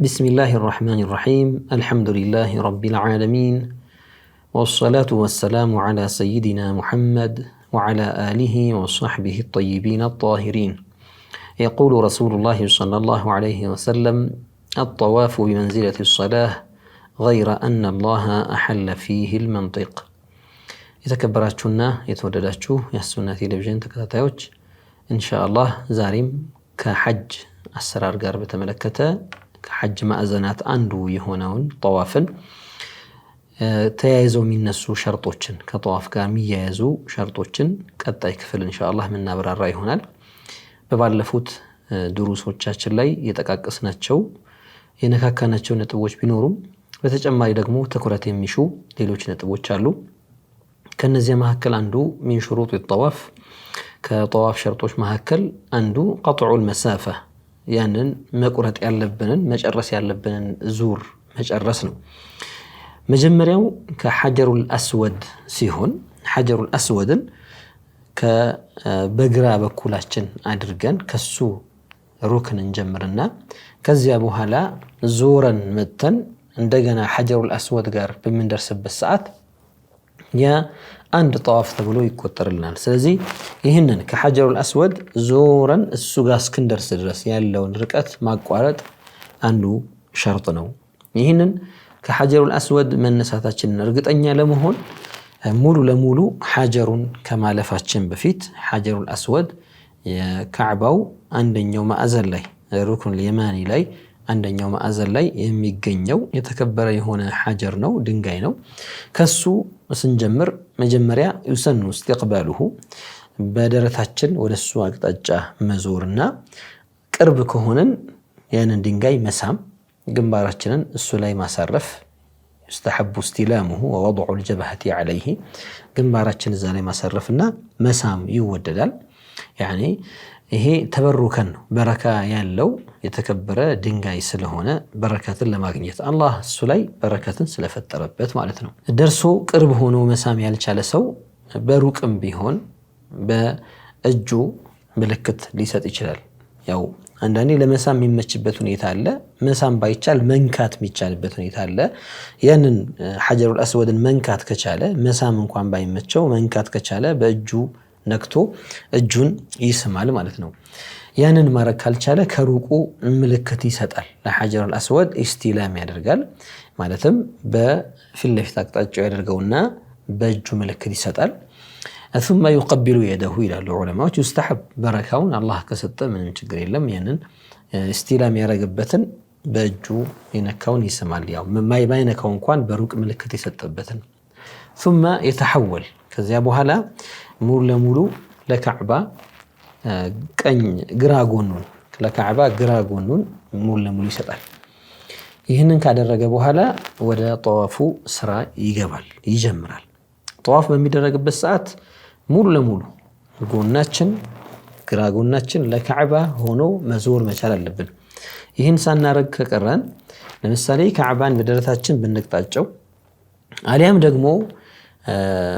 بسم الله الرحمن الرحيم الحمد لله رب العالمين والصلاة والسلام على سيدنا محمد وعلى آله وصحبه الطيبين الطاهرين يقول رسول الله صلى الله عليه وسلم الطواف بمنزلة الصلاة غير أن الله أحل فيه المنطق إذا የተከበራችሁና የተወደዳችሁ የሱና ቴሌቪዥን إن شاء الله زاريم كحج السرار ጋር በተመለከተ ከሐጅ ማዕዘናት አንዱ የሆነውን ጠዋፍን ተያይዘው የሚነሱ ሸርጦችን ከጠዋፍ ጋር የሚያያዙ ሸርጦችን ቀጣይ ክፍል እንሻላ የምናብራራ ይሆናል። በባለፉት ድሩሶቻችን ላይ የጠቃቀስናቸው የነካካናቸው ነጥቦች ቢኖሩም በተጨማሪ ደግሞ ትኩረት የሚሹ ሌሎች ነጥቦች አሉ። ከነዚያ መካከል አንዱ ሚን ሹሩጥ ጠዋፍ ከጠዋፍ ሸርጦች መካከል አንዱ ቀጥዑል መሳፋ ያንን መቁረጥ ያለብንን መጨረስ ያለብንን ዙር መጨረስ ነው። መጀመሪያው ከሐጀሩል አስወድ ሲሆን ሐጀሩል አስወድን በግራ በኩላችን አድርገን ከሱ ሩክን እንጀምርና ከዚያ በኋላ ዞረን መተን እንደገና ሐጀሩል አስወድ ጋር በምንደርስበት ሰዓት አንድ ጠዋፍ ተብሎ ይቆጠርልናል። ስለዚህ ይህንን ከሐጀሩል አስወድ ዞረን እሱ ጋር እስክንደርስ ድረስ ያለውን ርቀት ማቋረጥ አንዱ ሸርጥ ነው። ይህንን ከሐጀሩል አስወድ መነሳታችንን እርግጠኛ ለመሆን ሙሉ ለሙሉ ሐጀሩን ከማለፋችን በፊት ሐጀሩል አስወድ የካዕባው አንደኛው ማዕዘን ላይ ሩክኑል የማኒ ላይ አንደኛው ማዕዘን ላይ የሚገኘው የተከበረ የሆነ ሐጀር ነው፣ ድንጋይ ነው። ከሱ ስንጀምር መጀመሪያ ዩሰኑ ኢስቲቅባሉሁ በደረታችን ወደ አቅጣጫ መዞርና ቅርብ ከሆንን ያንን ድንጋይ መሳም፣ ግንባራችንን እሱ ላይ ማሳረፍ። ዩስተሐቡ እስቲላሙሁ ወወድዑ ልጀብሀቲ ዐለይሂ ግንባራችን እዛ ላይ ማሳረፍና መሳም ይወደዳል። ያኔ ይሄ ተበሩከን ነው፣ በረካ ያለው የተከበረ ድንጋይ ስለሆነ በረከትን ለማግኘት አላህ እሱ ላይ በረከትን ስለፈጠረበት ማለት ነው። ደርሶ ቅርብ ሆኖ መሳም ያልቻለ ሰው በሩቅም ቢሆን በእጁ ምልክት ሊሰጥ ይችላል። ያው አንዳንዴ ለመሳም የሚመችበት ሁኔታ አለ። መሳም ባይቻል መንካት የሚቻልበት ሁኔታ አለ። ያንን ሐጀሩል አስወድን መንካት ከቻለ መሳም እንኳን ባይመቸው መንካት ከቻለ በእጁ ነክቶ እጁን ይስማል ማለት ነው። ያንን ማድረግ ካልቻለ ከሩቁ ምልክት ይሰጣል። ለሐጀር አልአስወድ ኢስቲላም ያደርጋል። ማለትም በፊት ለፊት አቅጣጫው ያደርገውና በእጁ ምልክት ይሰጣል። ثم يقبل يده ይላሉ ዑለማዎች። ዩስተሐብ በረካውን አላህ ከሰጠ ምንም ችግር የለም። ያንን ኢስቲላም ያደረገበትን በእጁ የነካውን ይስማል። ያው ባይነካው እንኳን በሩቅ ምልክት የሰጠበትን ثم يتحول ከዚያ በኋላ ሙሉ ለሙሉ ለካዕባ ቀኝ ግራ ጎኑን ለካዕባ ግራ ጎኑን ሙሉ ለሙሉ ይሰጣል። ይህንን ካደረገ በኋላ ወደ ጠዋፉ ስራ ይገባል ይጀምራል። ጠዋፍ በሚደረግበት ሰዓት ሙሉ ለሙሉ ጎናችን ግራ ጎናችን ለካዕባ ሆኖ መዞር መቻል አለብን። ይህን ሳናረግ ከቀረን ለምሳሌ ካዕባን በደረታችን ብንቅጣጨው አሊያም ደግሞ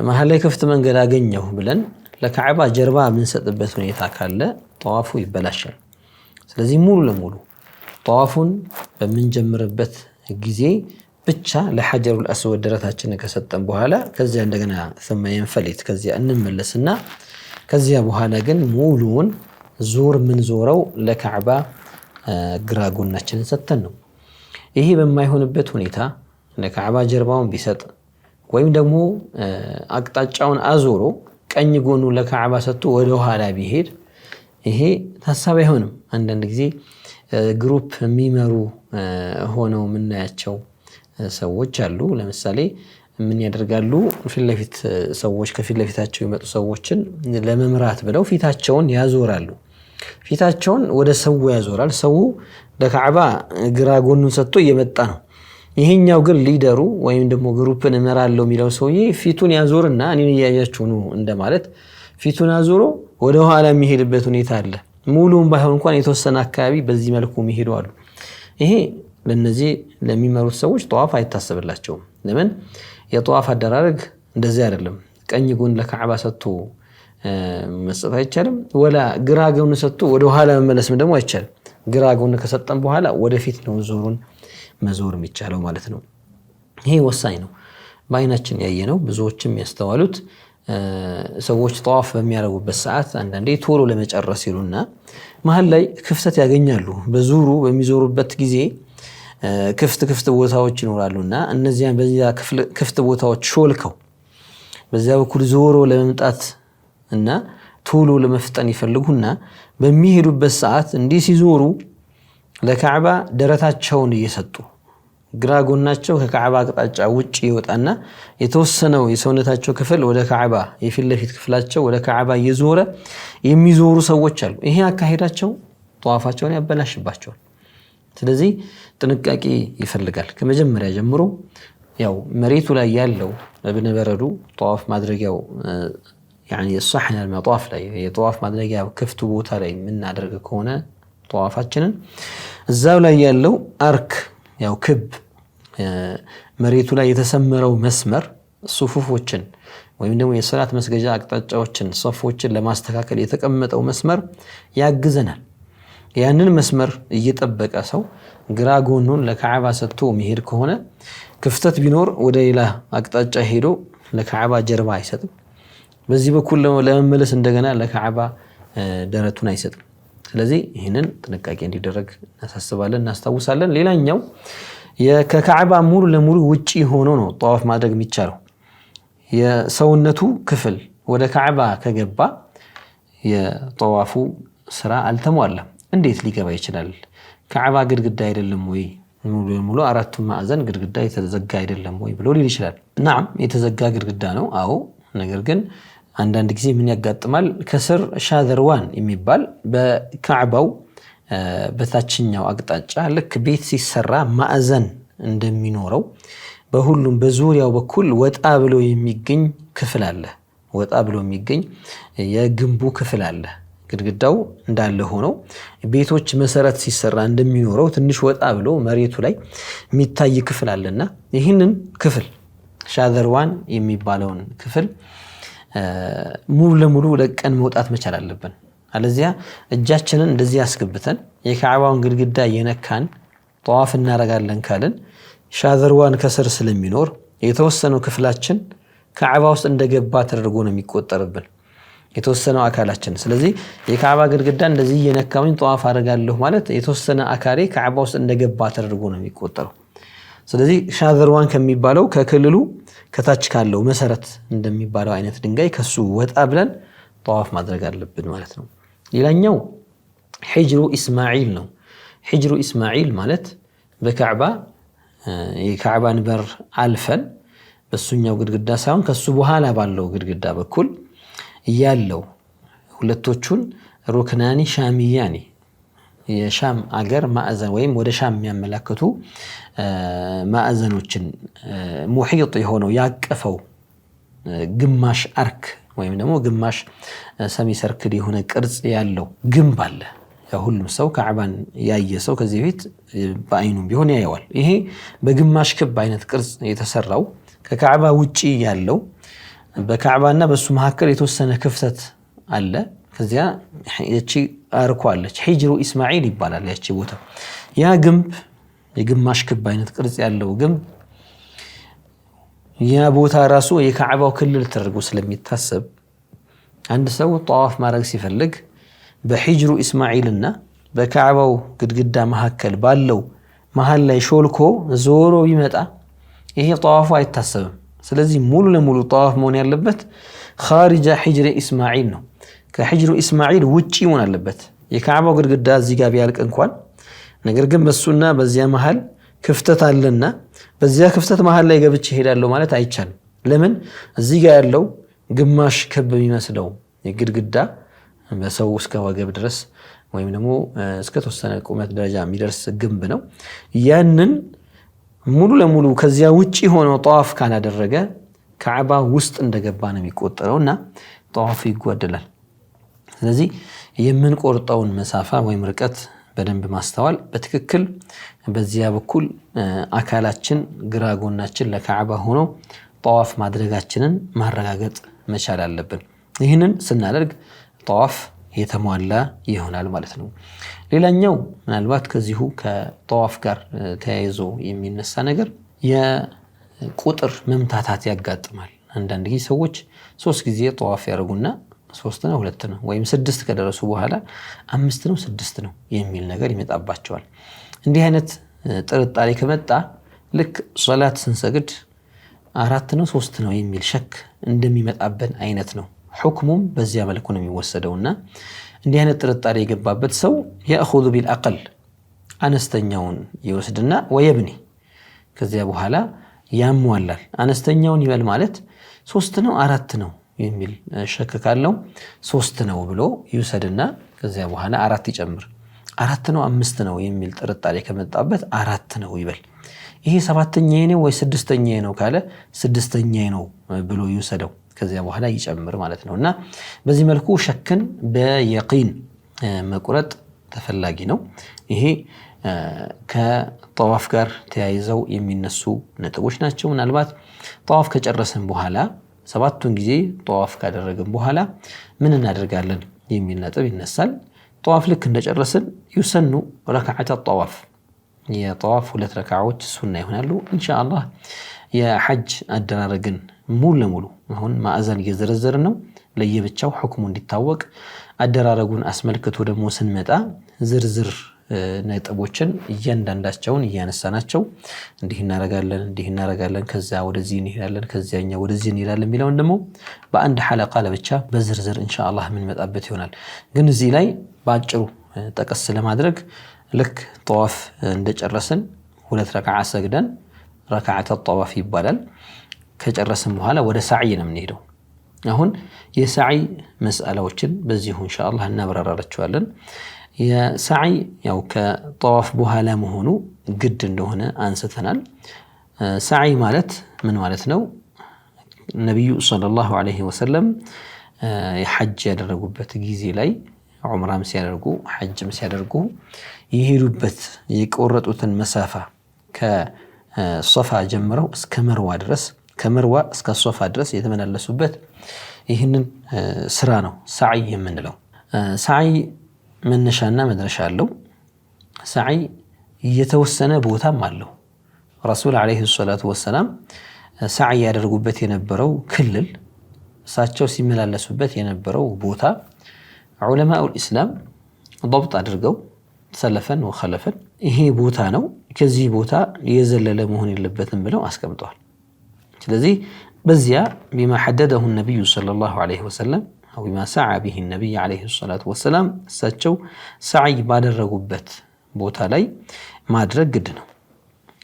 መሀል ላይ ክፍት መንገድ አገኘሁ ብለን ለካዕባ ጀርባ የምንሰጥበት ሁኔታ ካለ ጠዋፉ ይበላሻል። ስለዚህ ሙሉ ለሙሉ ጠዋፉን በምንጀምርበት ጊዜ ብቻ ለሐጀሩል አስወድ ደረታችንን ከሰጠን በኋላ ከዚያ እንደገና ስመ የንፈሊት ከዚያ እንመለስና ከዚያ በኋላ ግን ሙሉውን ዙር ምንዞረው ለካዕባ ግራ ጎናችንን ሰጥተን ነው። ይሄ በማይሆንበት ሁኔታ ለካዕባ ጀርባውን ቢሰጥ ወይም ደግሞ አቅጣጫውን አዞሮ ቀኝ ጎኑ ለካዕባ ሰጥቶ ወደ ኋላ ቢሄድ ይሄ ታሳቢ አይሆንም። አንዳንድ ጊዜ ግሩፕ የሚመሩ ሆነው የምናያቸው ሰዎች አሉ። ለምሳሌ ምን ያደርጋሉ? ፊትለፊት ሰዎች ከፊት ለፊታቸው የመጡ ሰዎችን ለመምራት ብለው ፊታቸውን ያዞራሉ። ፊታቸውን ወደ ሰው ያዞራል። ሰው ለካዕባ ግራ ጎኑን ሰጥቶ እየመጣ ነው። ይሄኛው ግን ሊደሩ ወይም ደግሞ ግሩፕን እመራለሁ የሚለው ሰውዬ ፊቱን ያዞርና እኔን እያያችሁ ነው እንደማለት ፊቱን አዞሮ ወደኋላ የሚሄድበት ሁኔታ አለ። ሙሉም ባይሆን እንኳን የተወሰነ አካባቢ በዚህ መልኩ የሚሄዱ አሉ። ይሄ ለነዚህ ለሚመሩት ሰዎች ጠዋፍ አይታሰብላቸውም። ለምን የጠዋፍ አደራረግ እንደዚህ አይደለም። ቀኝ ጎን ለካዕባ ሰጥቶ መስጠት አይቻልም። ወላ ግራ ጎን ሰጥቶ ወደኋላ መመለስም ደግሞ አይቻልም። ግራ ጎን ከሰጠን በኋላ ወደፊት ነው ዞሩን መዞር የሚቻለው ማለት ነው። ይሄ ወሳኝ ነው። በአይናችን ያየ ነው። ብዙዎችም ያስተዋሉት ሰዎች ጠዋፍ በሚያደርጉበት ሰዓት አንዳንዴ ቶሎ ለመጨረስ ሲሉና መሀል ላይ ክፍተት ያገኛሉ። በዙሩ በሚዞሩበት ጊዜ ክፍት ክፍት ቦታዎች ይኖራሉና እነዚያ በዚያ ክፍት ቦታዎች ሾልከው በዚያ በኩል ዞሮ ለመምጣት እና ቶሎ ለመፍጠን ይፈልጉና በሚሄዱበት ሰዓት እንዲህ ሲዞሩ ለካዕባ ደረታቸውን እየሰጡ ግራ ጎናቸው ከካዕባ አቅጣጫ ውጭ ይወጣና የተወሰነው የሰውነታቸው ክፍል ወደ ካዕባ የፊት ለፊት ክፍላቸው ወደ ካዕባ እየዞረ የሚዞሩ ሰዎች አሉ። ይሄ አካሄዳቸው ጠዋፋቸውን ያበላሽባቸዋል። ስለዚህ ጥንቃቄ ይፈልጋል። ከመጀመሪያ ጀምሮ ያው መሬቱ ላይ ያለው እብነ በረዱ ጠዋፍ ማድረጊያው ሳሕን ጠዋፍ ላይ የጠዋፍ ማድረጊያ ክፍቱ ቦታ ላይ የምናደርግ ከሆነ ጠዋፋችንን እዛው ላይ ያለው አርክ ያው ክብ መሬቱ ላይ የተሰመረው መስመር ሱፉፎችን ወይም ደግሞ የሰላት መስገጃ አቅጣጫዎችን ሶፎችን ለማስተካከል የተቀመጠው መስመር ያግዘናል። ያንን መስመር እየጠበቀ ሰው ግራ ጎኑን ለካዕባ ሰጥቶ መሄድ ከሆነ ክፍተት ቢኖር ወደ ሌላ አቅጣጫ ሄዶ ለካዕባ ጀርባ አይሰጥም። በዚህ በኩል ለመመለስ እንደገና ለካዕባ ደረቱን አይሰጥም። ስለዚህ ይህንን ጥንቃቄ እንዲደረግ እናሳስባለን፣ እናስታውሳለን። ሌላኛው ከካዕባ ሙሉ ለሙሉ ውጪ ሆኖ ነው ጠዋፍ ማድረግ የሚቻለው። የሰውነቱ ክፍል ወደ ካዕባ ከገባ የጠዋፉ ስራ አልተሟላም። እንዴት ሊገባ ይችላል? ካዕባ ግድግዳ አይደለም ወይ? ሙሉ ለሙሉ አራቱ ማዕዘን ግድግዳ የተዘጋ አይደለም ወይ ብሎ ሊል ይችላል። ናም የተዘጋ ግድግዳ ነው። አዎ ነገር ግን አንዳንድ ጊዜ ምን ያጋጥማል? ከስር ሻዘርዋን የሚባል በካዕባው በታችኛው አቅጣጫ ልክ ቤት ሲሰራ ማዕዘን እንደሚኖረው በሁሉም በዙሪያው በኩል ወጣ ብሎ የሚገኝ ክፍል አለ። ወጣ ብሎ የሚገኝ የግንቡ ክፍል አለ። ግድግዳው እንዳለ ሆነው ቤቶች መሰረት ሲሰራ እንደሚኖረው ትንሽ ወጣ ብሎ መሬቱ ላይ የሚታይ ክፍል አለና ይህንን ክፍል ሻዘርዋን የሚባለውን ክፍል ሙሉ ለሙሉ ለቀን መውጣት መቻል አለብን። አለዚያ እጃችንን እንደዚህ አስገብተን የካዕባውን ግድግዳ እየነካን ጠዋፍ እናረጋለን ካልን ሻዘርዋን ከስር ስለሚኖር የተወሰነው ክፍላችን ካዕባ ውስጥ እንደገባ ተደርጎ ነው የሚቆጠርብን የተወሰነው አካላችን። ስለዚህ የካዕባ ግድግዳ እንደዚህ እየነካውኝ ጠዋፍ አደርጋለሁ ማለት የተወሰነ አካሌ ካዕባ ውስጥ እንደገባ ተደርጎ ነው የሚቆጠረው። ስለዚህ ሻዘርዋን ከሚባለው ከክልሉ ከታች ካለው መሰረት እንደሚባለው አይነት ድንጋይ ከሱ ወጣ ብለን ጠዋፍ ማድረግ አለብን ማለት ነው። ሌላኛው ሂጅሩ ኢስማዒል ነው። ሂጅሩ ኢስማዒል ማለት በካዕባ የካዕባን በር አልፈን በሱኛው ግድግዳ ሳይሆን ከሱ በኋላ ባለው ግድግዳ በኩል እያለው ሁለቶቹን ሩክናኒ ሻሚያኒ የሻም አገር ማዕዘን ወይም ወደ ሻም የሚያመላክቱ ማዕዘኖችን ሙሒጥ የሆነው ያቀፈው ግማሽ አርክ ወይም ደግሞ ግማሽ ሰሚ ሰርክል የሆነ ቅርጽ ያለው ግንብ አለ። ሁሉም ሰው ካዕባን ያየ ሰው ከዚህ በፊት በአይኑም ቢሆን ያየዋል። ይሄ በግማሽ ክብ አይነት ቅርጽ የተሰራው ከካዕባ ውጪ ያለው በካዕባና በሱ መካከል የተወሰነ ክፍተት አለ። ከዚያ አርኳለች። ሂጅሩ ኢስማዒል ይባላል ያቺ ቦታ። ያ ግንብ የግማሽ ክብ አይነት ቅርጽ ያለው ግንብ ያ ቦታ ራሱ የካዕባው ክልል ተደርጎ ስለሚታሰብ አንድ ሰው ጠዋፍ ማድረግ ሲፈልግ በሂጅሩ ኢስማዒልና በካዕባው ግድግዳ መካከል ባለው መሀል ላይ ሾልኮ ዞሮ ቢመጣ ይሄ ጠዋፉ አይታሰብም። ስለዚህ ሙሉ ለሙሉ ጠዋፍ መሆን ያለበት ኻሪጃ ሂጅሪ ኢስማዒል ነው። ከሕጅሩ ኢስማዒል ውጪ መሆን አለበት። የካዕባው ግድግዳ እዚህ ጋር ቢያልቅ እንኳን ነገር ግን በሱና በዚያ መሀል ክፍተት አለና በዚያ ክፍተት መሃል ላይ ገብቼ እሄዳለሁ ማለት አይቻልም። ለምን እዚህ ጋር ያለው ግማሽ ክብ የሚመስለው የግድግዳ በሰው እስከ ወገብ ድረስ ወይም ደግሞ እስከ ተወሰነ ቁመት ደረጃ የሚደርስ ግንብ ነው። ያንን ሙሉ ለሙሉ ከዚያ ውጭ ሆኖ ጠዋፍ ካላደረገ ካዕባ ውስጥ እንደገባ ነው የሚቆጠረው እና ጠዋፍ ይጓደላል። ስለዚህ የምንቆርጠውን መሳፋ ወይም ርቀት በደንብ ማስተዋል በትክክል በዚያ በኩል አካላችን ግራ ጎናችን ለካዕባ ሆኖ ጠዋፍ ማድረጋችንን ማረጋገጥ መቻል አለብን። ይህንን ስናደርግ ጠዋፍ የተሟላ ይሆናል ማለት ነው። ሌላኛው ምናልባት ከዚሁ ከጠዋፍ ጋር ተያይዞ የሚነሳ ነገር የቁጥር መምታታት ያጋጥማል። አንዳንድ ጊዜ ሰዎች ሶስት ጊዜ ጠዋፍ ያደርጉና ሶስት ነው ሁለት ነው ወይም ስድስት ከደረሱ በኋላ አምስት ነው ስድስት ነው የሚል ነገር ይመጣባቸዋል። እንዲህ አይነት ጥርጣሬ ከመጣ ልክ ሶላት ስንሰግድ አራት ነው ሶስት ነው የሚል ሸክ እንደሚመጣበን አይነት ነው። ሑክሙም በዚያ መልኩ ነው እና እንዲህ አይነት ጥርጣሬ የገባበት ሰው ቢል ቢልአቀል አነስተኛውን ይወስድና ወየብኒ ከዚያ በኋላ ያሟላል። አነስተኛውን ይበል ማለት ሶስት ነው አራት ነው የሚል ሸክ ካለው ሶስት ነው ብሎ ይውሰድና ከዚያ በኋላ አራት ይጨምር። አራት ነው አምስት ነው የሚል ጥርጣሬ ከመጣበት አራት ነው ይበል። ይሄ ሰባተኛ ነው ወይ ስድስተኛ ነው ካለ ስድስተኛ ነው ብሎ ይውሰደው። ከዚያ በኋላ ይጨምር ማለት ነው። እና በዚህ መልኩ ሸክን በየቂን መቁረጥ ተፈላጊ ነው። ይሄ ከጠዋፍ ጋር ተያይዘው የሚነሱ ነጥቦች ናቸው። ምናልባት ጠዋፍ ከጨረስን በኋላ ሰባቱን ጊዜ ጠዋፍ ካደረግን በኋላ ምን እናደርጋለን የሚል ነጥብ ይነሳል። ጠዋፍ ልክ እንደጨረስን ዩሰኑ ረክዓተ ጠዋፍ የጠዋፍ ሁለት ረክዓዎች ሱና ይሆናሉ። ኢንሻአላህ የሐጅ አደራረግን ሙሉ ለሙሉ አሁን ማዕዘን እየዘረዘርን ነው። ለየብቻው ሕክሙ እንዲታወቅ አደራረጉን አስመልክቶ ደግሞ ስንመጣ ዝርዝር ነጥቦችን እያንዳንዳቸውን እያነሳናቸው እንዲህ እናረጋለን፣ እንዲህ እናረጋለን፣ ከዚያ ወደዚህ እንሄዳለን፣ ከዚያኛ ወደዚህ እንሄዳለን የሚለውን ደግሞ በአንድ ሐለቃ ለብቻ በዝርዝር ኢንሻአላህ የምንመጣበት ይሆናል። ግን እዚህ ላይ በአጭሩ ጠቀስ ለማድረግ ልክ ጠዋፍ እንደጨረስን ሁለት ረክዓ ሰግደን ረክዓተ ጠዋፍ ይባላል። ከጨረስን በኋላ ወደ ሳዕይ ነው የምንሄደው። አሁን የሳዕይ መስአላዎችን በዚሁ ኢንሻአላህ እናብራራቸዋለን። የሰዓይ ያው ከጠዋፍ በኋላ መሆኑ ግድ እንደሆነ አንስተናል። ሰዓይ ማለት ምን ማለት ነው? ነቢዩ ሰለላሁ ዐለይሂ ወሰለም የሐጅ ያደረጉበት ጊዜ ላይ ዑምራም ሲያደርጉ ሐጅም ሲያደርጉ የሄዱበት የቆረጡትን መሳፋ ከሶፋ ጀምረው እስከ መርዋ ድረስ ከመርዋ እስከ ሶፋ ድረስ የተመላለሱበት ይህንን ስራ ነው ሰዓይ የምንለው። ሰዓይ መነሻና መድረሻ አለው። ሰዓይ የተወሰነ ቦታም አለው። ረሱል ዓለይሂ ሰላቱ ወሰላም ሰዓይ ያደርጉበት የነበረው ክልል፣ እሳቸው ሲመላለሱበት የነበረው ቦታ ዑለማኡል ኢስላም በብጥ አድርገው ሰለፈን ወኸለፈን ይሄ ቦታ ነው፣ ከዚህ ቦታ የዘለለ መሆን የለበትም ብለው አስቀምጠዋል። ስለዚህ በዚያ ቢማ ሐደደሁ ነቢዩ ሰለላሁ ዓለይሂ ወሰለም أو بما سعى به النبي عليه الصلاة والسلام ساتشو سعي بعد الرغبت بوتالي لي ما درقدنا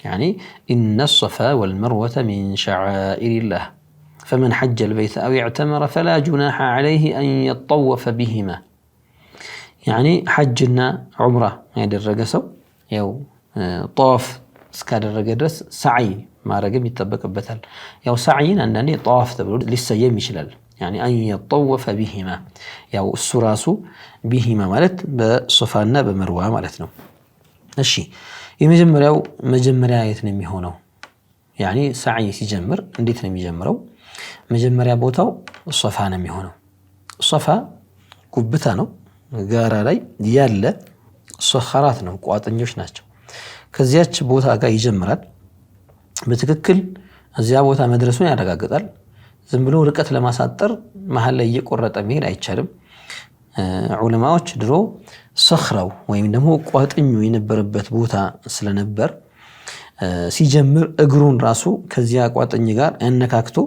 يعني إن الصفا والمروة من شعائر الله فمن حج البيت أو اعتمر فلا جناح عليه أن يطوف بهما يعني حجنا عمرة يعني الرقسو يو طوف سكاد الرقدرس سعي ما رقم يتبقى بثل يو سعينا أنني طوف تبرد لسه يمشلل ያኒ አን የጠወፈ ቢሂማ ያው እሱ ራሱ ቢሂማ ማለት በሶፋና በመርዋ ማለት ነው። እሺ የመጀመሪያው መጀመሪያ የት ነው የሚሆነው? ያኒ ሰዓይ ሲጀምር እንዴት ነው የሚጀምረው? መጀመሪያ ቦታው ሶፋ ነው የሚሆነው። ሶፋ ጉብታ ነው፣ ጋራ ላይ ያለ ሶኸራት ነው፣ ቋጥኞች ናቸው። ከዚያች ቦታ ጋር ይጀምራል። በትክክል እዚያ ቦታ መድረሱን ያረጋግጣል። ዝም ብሎ ርቀት ለማሳጠር መሀል ላይ እየቆረጠ መሄድ አይቻልም። ዑለማዎች ድሮ ሰኽራው ወይም ደግሞ ቋጥኙ የነበረበት ቦታ ስለነበር ሲጀምር እግሩን ራሱ ከዚያ ቋጥኝ ጋር ያነካክቶ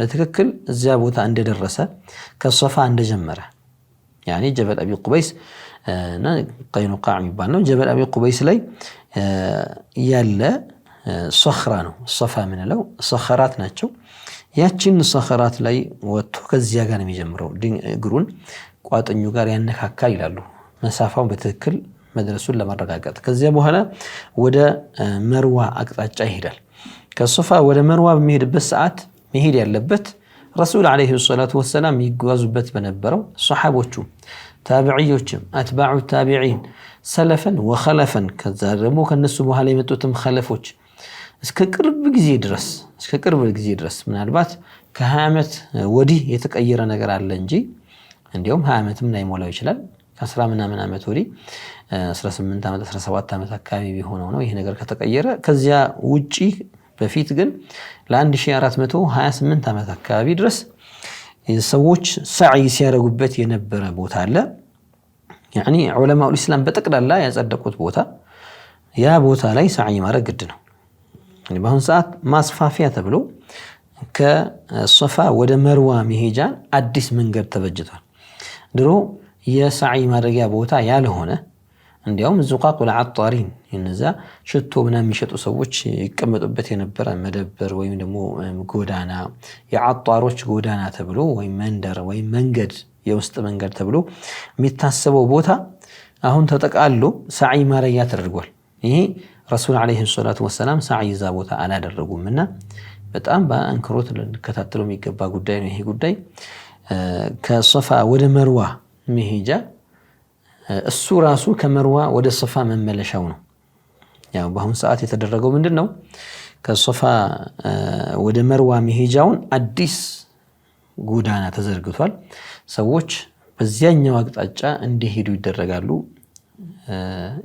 በትክክል እዚያ ቦታ እንደደረሰ ከሶፋ እንደጀመረ ያኔ ጀበል አቢ ቁበይስ ቀይኑቃ የሚባል ነው። ጀበል አቢ ቁበይስ ላይ ያለ ሶኽራ ነው። ሶፋ ምንለው ሶኸራት ናቸው። ያችን ሰኸራት ላይ ወጥቶ ከዚያ ጋር ነው የሚጀምረው። እግሩን ቋጥኙ ጋር ያነካካል ይላሉ መሳፋውን በትክክል መድረሱን ለማረጋገጥ። ከዚያ በኋላ ወደ መርዋ አቅጣጫ ይሄዳል። ከሱፋ ወደ መርዋ በሚሄድበት ሰዓት መሄድ ያለበት ረሱል ዓለይሂ ሰላቱ ወሰላም ይጓዙበት በነበረው ሰሓቦቹ፣ ታቢዕዮችም፣ አትባዑ ታቢዒን ሰለፈን ወኸለፈን ከዛ ደግሞ ከነሱ በኋላ የመጡትም ኸለፎች እስከ ቅርብ ጊዜ ድረስ እስከ ቅርብ ጊዜ ድረስ ምናልባት ከ20 ዓመት ወዲህ የተቀየረ ነገር አለ እንጂ እንዲሁም 20 ዓመትም ላይሞላው ይችላል። ከአስራ ምናምን ዓመት ወዲህ 18 ዓመት 17 ዓመት አካባቢ ቢሆነው ነው ይሄ ነገር ከተቀየረ። ከዚያ ውጪ በፊት ግን ለ1428 ዓመት አካባቢ ድረስ ሰዎች ሰዓይ ሲያደርጉበት የነበረ ቦታ አለ። ያኒ ዑለማው ኢስላም በጠቅላላ ያጸደቁት ቦታ ያ ቦታ ላይ ሰዕይ ማድረግ ግድ ነው። በአሁኑ ሰዓት ማስፋፊያ ተብሎ ከሶፋ ወደ መርዋ መሄጃን አዲስ መንገድ ተበጅቷል። ድሮ የሰዓይ ማድረጊያ ቦታ ያልሆነ እንዲያውም ዙቃቅ ወለዓጣሪን እነዛ ሽቶ ምናምን የሚሸጡ ሰዎች ይቀመጡበት የነበረ መደብር ወይም ደግሞ ጎዳና የዓጣሮች ጎዳና ተብሎ ወይም መንደር ወይም መንገድ የውስጥ መንገድ ተብሎ የሚታሰበው ቦታ አሁን ተጠቃሎ ሰዓይ ማድረጊያ ተደርጓል። ይሄ ረሱል ዓለይሂ ሰላቱ ወሰላም ሳዕ ይዛ ቦታ አላደረጉም እና በጣም በአንክሮት ልንከታተለው የሚገባ ጉዳይ ነው። ይሄ ጉዳይ ከሶፋ ወደ መርዋ መሄጃ እሱ ራሱ ከመርዋ ወደ ሶፋ መመለሻው ነው። ያው በአሁኑ ሰዓት የተደረገው ምንድን ነው? ከሶፋ ወደ መርዋ መሄጃውን አዲስ ጎዳና ተዘርግቷል። ሰዎች በዚያኛው አቅጣጫ እንዲሄዱ ይደረጋሉ።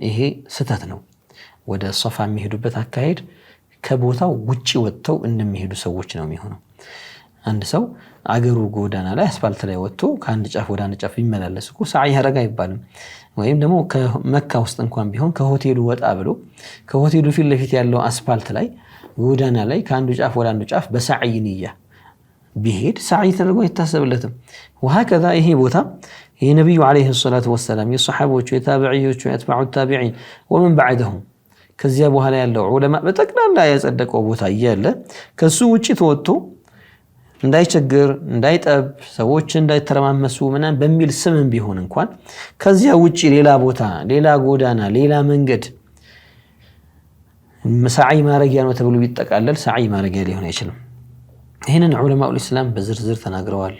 ይሄ ስህተት ነው። ወደ ሶፋ የሚሄዱበት አካሄድ ከቦታው ውጭ ወጥተው እንደሚሄዱ ሰዎች ነው የሚሆነው። አንድ ሰው አገሩ ጎዳና ላይ አስፋልት ላይ ወጥቶ ከአንድ ጫፍ ወደ አንድ ጫፍ ቢመላለስ እኮ ሰዓ ያደረግ አይባልም። ወይም ደግሞ ከመካ ውስጥ እንኳን ቢሆን ከሆቴሉ ወጣ ብሎ ከሆቴሉ ፊት ለፊት ያለው አስፋልት ላይ ጎዳና ላይ ከአንዱ ጫፍ ወደ አንዱ ጫፍ በሰዓይ ንያ ቢሄድ ሰዓይ ተደርጎ አይታሰብለትም። ውሃ ከዛ ይሄ ቦታ የነቢዩ ዓለይሂ ሰላቱ ወሰላም የሰሓቦቹ፣ የታብዕዮቹ፣ የአትባዑ ታቢዒን ወመን በዐደሁም ከዚያ በኋላ ያለው ዑለማ በጠቅላላ ያጸደቀው ቦታ እያለ ከሱ ውጭ ተወጥቶ እንዳይቸግር እንዳይጠብ ሰዎች እንዳይተረማመሱ ምናምን በሚል ስምም ቢሆን እንኳን ከዚያ ውጭ ሌላ ቦታ፣ ሌላ ጎዳና፣ ሌላ መንገድ ሰዓይ ማረጊያ ነው ተብሎ ቢጠቃለል ሰዓይ ማረጊያ ሊሆን አይችልም። ይህንን ዑለማ ኢስላም በዝርዝር ተናግረዋል።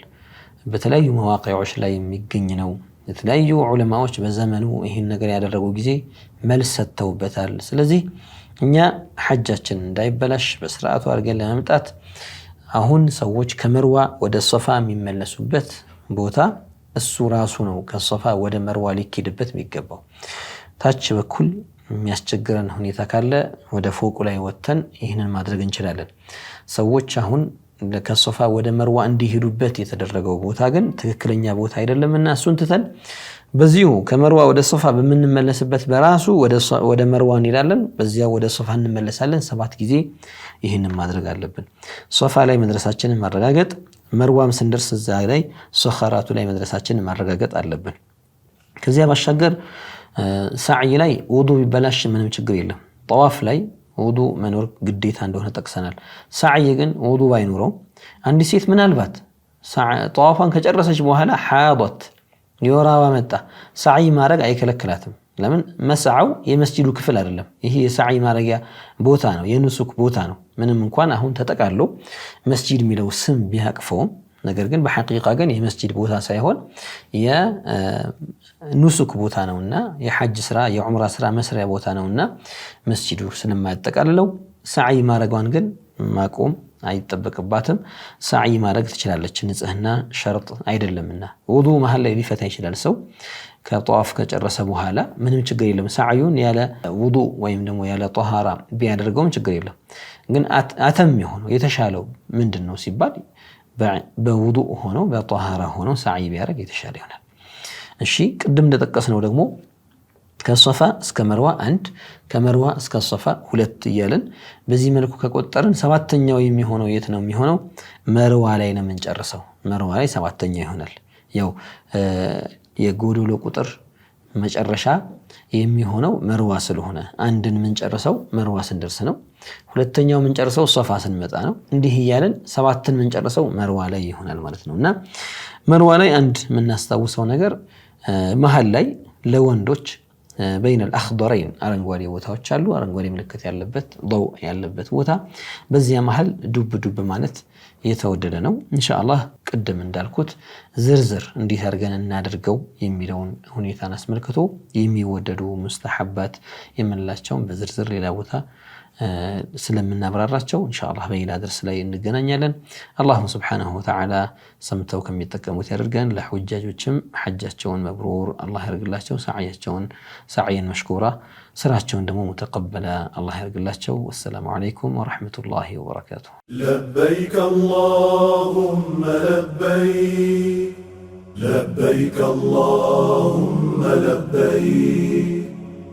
በተለያዩ መዋቅያዎች ላይ የሚገኝ ነው። የተለያዩ ዑለማዎች በዘመኑ ይህን ነገር ያደረጉ ጊዜ መልስ ሰጥተውበታል። ስለዚህ እኛ ሐጃችን እንዳይበላሽ በስርዓቱ አድርገን ለመምጣት አሁን ሰዎች ከመርዋ ወደ ሶፋ የሚመለሱበት ቦታ እሱ ራሱ ነው። ከሶፋ ወደ መርዋ ሊኬድበት የሚገባው ታች በኩል የሚያስቸግረን ሁኔታ ካለ ወደ ፎቁ ላይ ወጥተን ይህንን ማድረግ እንችላለን። ሰዎች አሁን ከሶፋ ወደ መርዋ እንዲሄዱበት የተደረገው ቦታ ግን ትክክለኛ ቦታ አይደለም እና እሱን ትተን በዚሁ ከመርዋ ወደ ሶፋ በምንመለስበት በራሱ ወደ መርዋ እንሄዳለን። በዚያ ወደ ሶፋ እንመለሳለን። ሰባት ጊዜ ይህንን ማድረግ አለብን። ሶፋ ላይ መድረሳችንን ማረጋገጥ፣ መርዋም ስንደርስ እዛ ላይ ሶኸራቱ ላይ መድረሳችንን ማረጋገጥ አለብን። ከዚያ ባሻገር ሳዕይ ላይ ውዱ ቢበላሽ ምንም ችግር የለም። ጠዋፍ ላይ ውዱ መኖር ግዴታ እንደሆነ ጠቅሰናል። ሳዕይ ግን ውዱ ባይኖረው አንዲት ሴት ምናልባት ጠዋፏን ከጨረሰች በኋላ ሓበት የወር አበባ መጣ፣ ሳዕይ ማድረግ አይከለክላትም። ለምን መስዓው የመስጂዱ ክፍል አይደለም። ይሄ የሳዕይ ማድረጊያ ቦታ ነው፣ የንሱክ ቦታ ነው። ምንም እንኳን አሁን ተጠቃሎ መስጂድ የሚለው ስም ቢያቅፈውም ነገር ግን በሐቂቃ ግን የመስጂድ ቦታ ሳይሆን ኑሱክ ቦታ ነውና የሐጅ ስራ የዑምራ ስራ መስሪያ ቦታ ነውና መስጂዱ ስለማያጠቃልለው ሳዒ ማድረጓን ግን ማቆም አይጠበቅባትም። ሳዒ ማድረግ ትችላለች፣ ንጽህና ሸርጥ አይደለምና። ውዱ መሀል ላይ ሊፈታ ይችላል ሰው ከጠዋፍ ከጨረሰ በኋላ ምንም ችግር የለም። ሰዓዩን ያለ ውዱ ወይም ደግሞ ያለ ጠሃራ ቢያደርገውም ችግር የለም። ግን አተም የሆነው የተሻለው ምንድን ነው ሲባል በውዱ ሆነው በጠሃራ ሆነው ሳዒ ቢያደርግ የተሻለ ይሆናል። እሺ ቅድም እንደጠቀስነው ደግሞ ከሶፋ እስከ መርዋ አንድ ከመርዋ እስከ ሶፋ ሁለት እያለን በዚህ መልኩ ከቆጠርን ሰባተኛው የሚሆነው የት ነው የሚሆነው? መርዋ ላይ ነው የምንጨርሰው። መርዋ ላይ ሰባተኛ ይሆናል። ያው የጎዶሎ ቁጥር መጨረሻ የሚሆነው መርዋ ስለሆነ አንድን የምንጨርሰው መርዋ ስንደርስ ነው። ሁለተኛው የምንጨርሰው ሶፋ ስንመጣ ነው። እንዲህ እያለን ሰባትን የምንጨርሰው መርዋ ላይ ይሆናል ማለት ነው እና መርዋ ላይ አንድ የምናስታውሰው ነገር መሀል ላይ ለወንዶች በይነል አክበረይን አረንጓዴ ቦታዎች አሉ። አረንጓዴ ምልክት ያለበት ው ያለበት ቦታ በዚያ መሀል ዱብ ዱብ ማለት የተወደደ ነው። እንሻአላህ ቅድም እንዳልኩት ዝርዝር እንዲህ አድርገን እናደርገው የሚለውን ሁኔታን አስመልክቶ የሚወደዱ ሙስተሐባት የምንላቸውን በዝርዝር ሌላ ቦታ ስለምናብራራቸው ኢንሻአላህ በሌላ ድርስ ላይ እንገናኛለን። አላህም ስብሓነሁ ወተዓላ ሰምተው ከሚጠቀሙት ያደርገን። ለሑጃጆችም ሐጃቸውን መብሩር አላህ ያደርግላቸው፣ ሳዕያቸውን ሳዕየን መሽኩራ፣ ስራቸውን ደግሞ ሙተቀበለ አላህ ያደርግላቸው። ወሰላሙ ዓለይኩም ወረሕመቱላሂ ወበረካቱ። ለበይከ አላሁመ ለበይክ ለበይከ አላሁመ ለበይክ